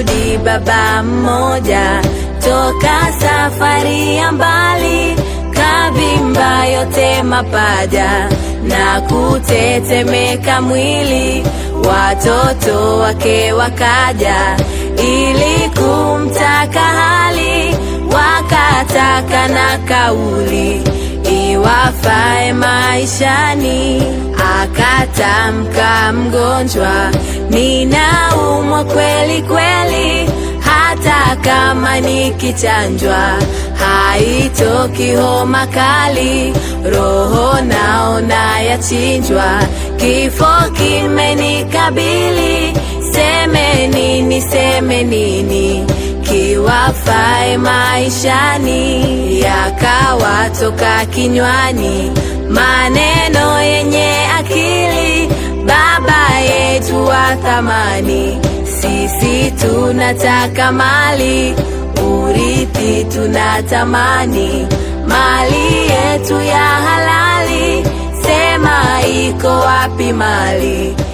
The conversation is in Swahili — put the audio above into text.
kurudi baba mmoja, toka safari ya mbali, kavimba yote mapaja na kutetemeka mwili. Watoto wake wakaja ili kumtaka hali, wakataka na kauli iwafae maishani. Akatamka mgonjwa nina kweli kweli, hata kama nikichanjwa haitoki homa kali, roho naona yachinjwa, kifo kimenikabili. Seme nini, seme nini kiwafae maishani, yakawatoka kinywani maneno yenye akili, baba yetu wa thamani tunataka mali, urithi tunatamani, mali yetu ya halali, sema iko wapi mali